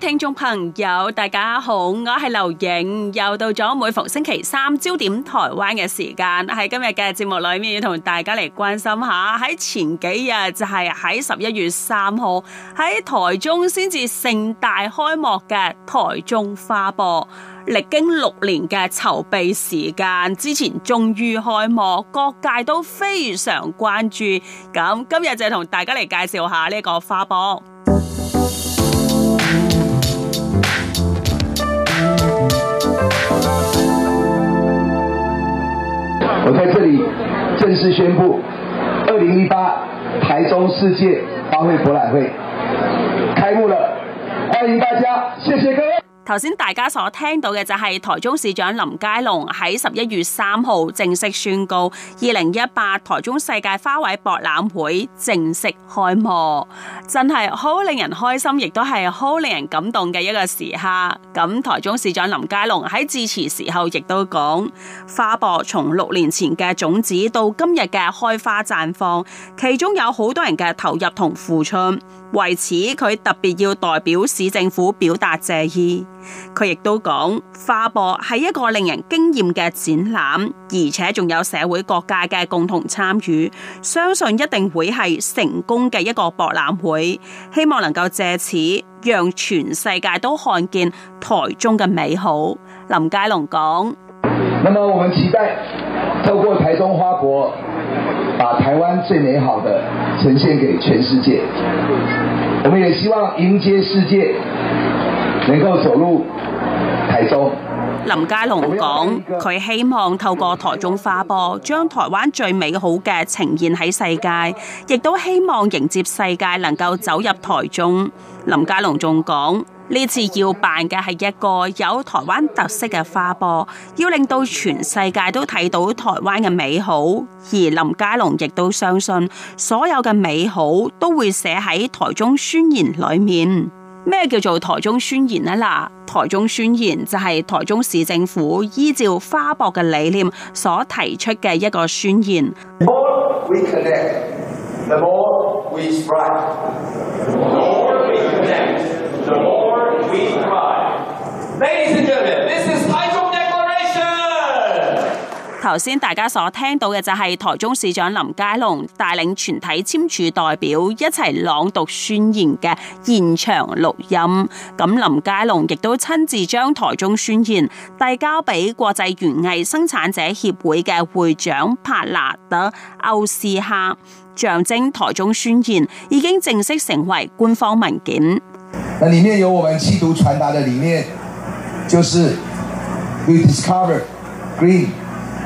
聽眾朋友，大家好，我係劉瑩，又到咗每逢星期三焦點台灣嘅時間，喺今日嘅節目裏面要同大家嚟關心下，喺前幾、就是、日就係喺十一月三號喺台中先至盛大開幕嘅台中花博，歷經六年嘅籌備時間，之前終於開幕，各界都非常關注，咁今日就同大家嚟介紹下呢個花博。我在這裏正式宣佈，二零一八台中世界花卉博覽會開幕了，歡迎大家，謝謝各位。頭先大家所聽到嘅就係台中市長林佳龍喺十一月三號正式宣告二零一八台中世界花卉博覽會正式開幕，真係好令人開心，亦都係好令人感動嘅一個時刻。咁台中市長林佳龍喺致辭時候亦都講，花博從六年前嘅種子到今日嘅開花綻放，其中有好多人嘅投入同付出，為此佢特別要代表市政府表達謝意。佢亦都講花博係一個令人驚艷嘅展覽，而且仲有社會各界嘅共同參與，相信一定會係成功嘅一個博覽會。希望能夠借此讓全世界都看見台中嘅美好。林佳龍講：那麼我們期待透過台中花博，把台灣最美好嘅呈現給全世界。我們也希望迎接世界。林佳龍講：佢希望透過台中花博將台灣最美好嘅呈現喺世界，亦都希望迎接世界能夠走入台中。林佳龍仲講：呢次要辦嘅係一個有台灣特色嘅花博，要令到全世界都睇到台灣嘅美好。而林佳龍亦都相信，所有嘅美好都會寫喺台中宣言裏面。咩叫做台中宣言啊？嗱，台中宣言就係台中市政府依照花博嘅理念所提出嘅一個宣言。頭先大家所聽到嘅就係台中市長林佳龍帶領全體簽署代表一齊朗讀宣言嘅現場錄音。咁林佳龍亦都親自將台中宣言遞交俾國際園藝生產者協會嘅會長帕納德歐斯克，象徵台中宣言已經正式成為官方文件。那裡面有我們企圖傳達嘅理念，就是 We discover green。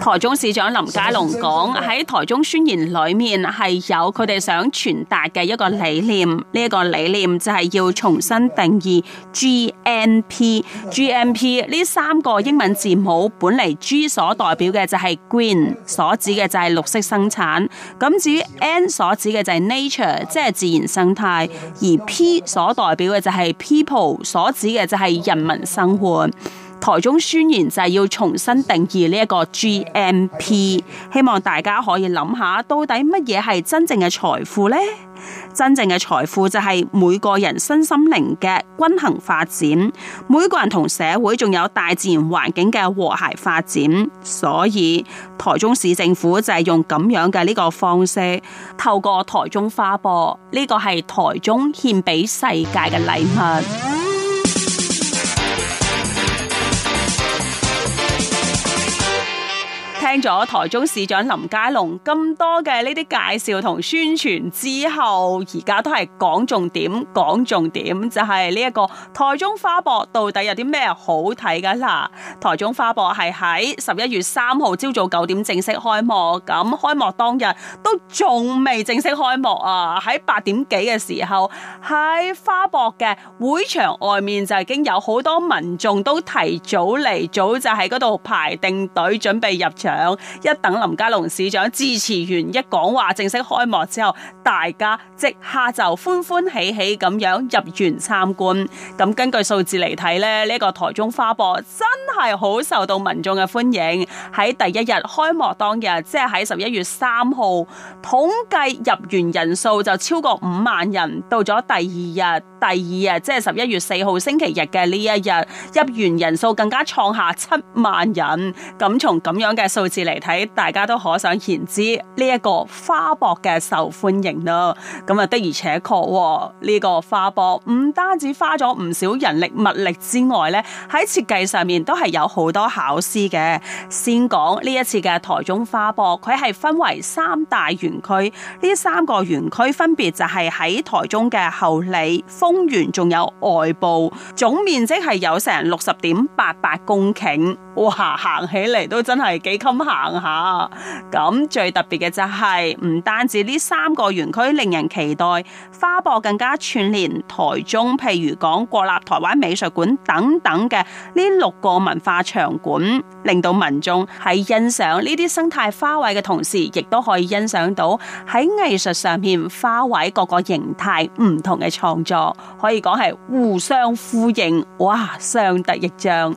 台中市長林佳龍講，喺台中宣言裏面係有佢哋想傳達嘅一個理念，呢、這、一個理念就係要重新定義 G N P G N P 呢三個英文字母，本嚟 G 所代表嘅就係 green，所指嘅就係綠色生產。咁至於 N 所指嘅就係 nature，即係自然生態；而 P 所代表嘅就係 people，所指嘅就係人民生活。台中宣言就係要重新定義呢一個 GMP，希望大家可以諗下到底乜嘢係真正嘅財富呢？真正嘅財富就係每個人身心靈嘅均衡發展，每個人同社會仲有大自然環境嘅和諧發展。所以台中市政府就係用咁樣嘅呢個方式，透過台中花博，呢個係台中獻俾世界嘅禮物。聽咗台中市長林佳龍咁多嘅呢啲介紹同宣傳之後，而家都係講重點，講重點就係呢一個台中花博到底有啲咩好睇噶嗱！台中花博係喺十一月三號朝早九點正式開幕，咁、啊、開幕當日都仲未正式開幕啊！喺八點幾嘅時候，喺花博嘅會場外面就已經有好多民眾都提早嚟，早就喺度排定隊準備入場。一等林佳龍市長致辭完一講，一講話正式開幕之後，大家即刻就歡歡喜喜咁樣入園參觀。咁根據數字嚟睇咧，呢、這、一個台中花博真係好受到民眾嘅歡迎。喺第一日開幕當日，即係喺十一月三號，統計入園人數就超過五萬人。到咗第二日。第二日即係十一月四號星期日嘅呢一日入園人數更加創下七萬人，咁從咁樣嘅數字嚟睇，大家都可想而知呢一個花博嘅受歡迎啦，咁啊的而且確呢個花博唔單止花咗唔少人力物力之外咧，喺設計上面都係有好多巧思嘅。先講呢一次嘅台中花博，佢係分為三大園區，呢三個園區分別就係喺台中嘅后里、公園仲有外部，總面積係有成六十點八八公頃，哇！行起嚟都真係幾襟行下。咁最特別嘅就係，唔單止呢三個園區令人期待，花博更加串聯台中，譬如講國立台灣美術館等等嘅呢六個文化場館，令到民眾喺欣賞呢啲生態花卉嘅同時，亦都可以欣賞到喺藝術上面花卉各個形態唔同嘅創作。可以講係互相呼應，哇，相得益彰。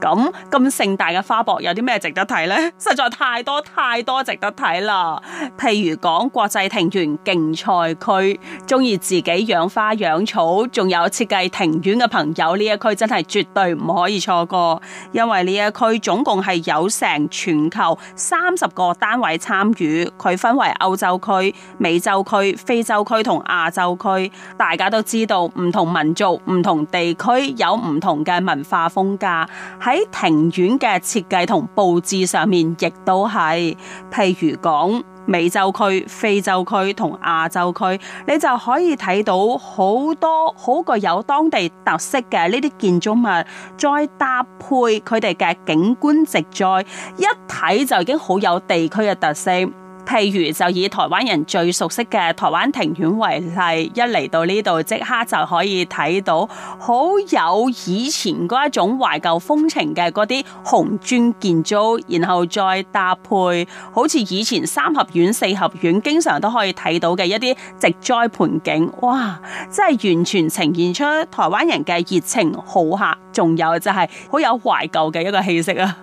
咁咁盛大嘅花博有啲咩值得睇咧？實在太多太多值得睇啦！譬如講國際庭園競賽區，中意自己養花養草，仲有設計庭院嘅朋友，呢一區真係絕對唔可以錯過，因為呢一區總共係有成全球三十個單位參與，佢分為歐洲區、美洲區、非洲區同亞洲區。大家都知道，唔同民族、唔同地區有唔同嘅文化風格。喺庭院嘅設計同布置上面，亦都係，譬如講美洲區、非洲區同亞洲區，你就可以睇到好多好具有當地特色嘅呢啲建築物，再搭配佢哋嘅景觀植栽，一睇就已經好有地區嘅特色。譬如就以台灣人最熟悉嘅台灣庭院為例，一嚟到呢度即刻就可以睇到好有以前嗰一種懷舊風情嘅嗰啲紅磚建築，然後再搭配好似以前三合院、四合院，經常都可以睇到嘅一啲植栽盆景，哇！真係完全呈現出台灣人嘅熱情好客，仲有就係好有懷舊嘅一個氣息啊！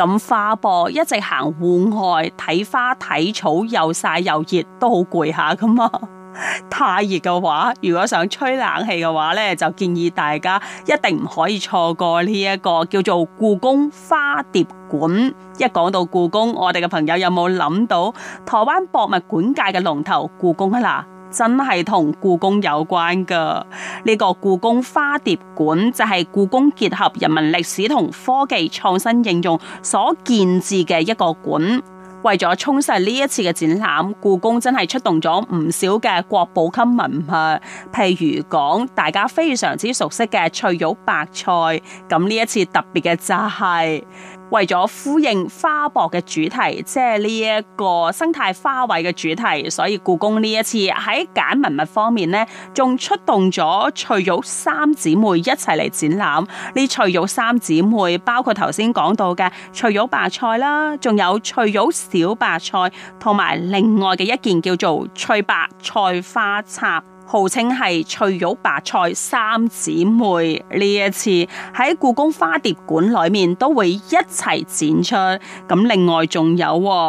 咁花博，一直行戶外睇花睇草，又曬又熱，都好攰下噶嘛。 太熱嘅話，如果想吹冷氣嘅話呢，就建議大家一定唔可以錯過呢、這、一個叫做故宮花蝶館。一講到故宮，我哋嘅朋友有冇諗到台灣博物館界嘅龍頭故宮啊啦？真係同故宮有關㗎，呢、這個故宮花蝶館就係故宮結合人民歷史同科技創新應用所建置嘅一個館。為咗充實呢一次嘅展覽，故宮真係出動咗唔少嘅國寶級文物，譬如講大家非常之熟悉嘅翠玉白菜，咁呢一次特別嘅就係、是。為咗呼應花博嘅主題，即係呢一個生態花卉嘅主題，所以故宮呢一次喺揀文物方面呢，仲出動咗翠玉三姐妹一齊嚟展覽。呢翠玉三姐妹包括頭先講到嘅翠玉白菜啦，仲有翠玉小白菜，同埋另外嘅一件叫做翠白菜花插。號稱係翠玉白菜三姊妹，呢一次喺故宮花蝶館裏面都會一齊展出。咁另外仲有，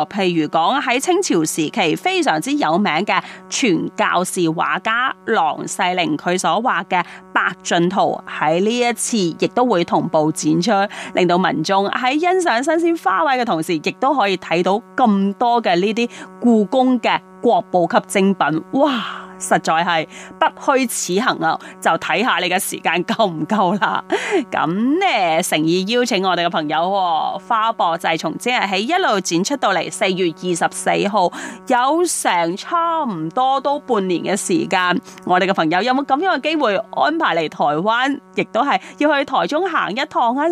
譬如講喺清朝時期非常之有名嘅傳教士畫家郎世寧佢所畫嘅百駿圖喺呢一次亦都會同步展出，令到民眾喺欣賞新鮮花卉嘅同時，亦都可以睇到咁多嘅呢啲故宮嘅國寶級精品。哇！實在係不虛此行啊！就睇下你嘅時間夠唔夠啦。咁呢誠意邀請我哋嘅朋友、哦、花博就係從即日起一路展出到嚟四月二十四號，有成差唔多都半年嘅時間。我哋嘅朋友有冇咁樣嘅機會安排嚟台灣，亦都係要去台中行一趟啊！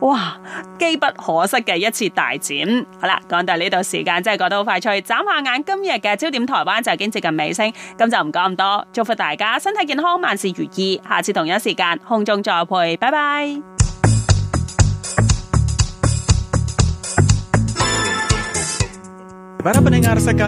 嗱，哇，機不可失嘅一次大展。好啦，講到呢度時間真係過得好快脆。眨下眼，今日嘅焦點台灣就已經接近尾聲。今就唔講咁多，祝福大家身體健康，萬事如意。下次同一時間空中再會，拜拜。不如我哋講下呢個。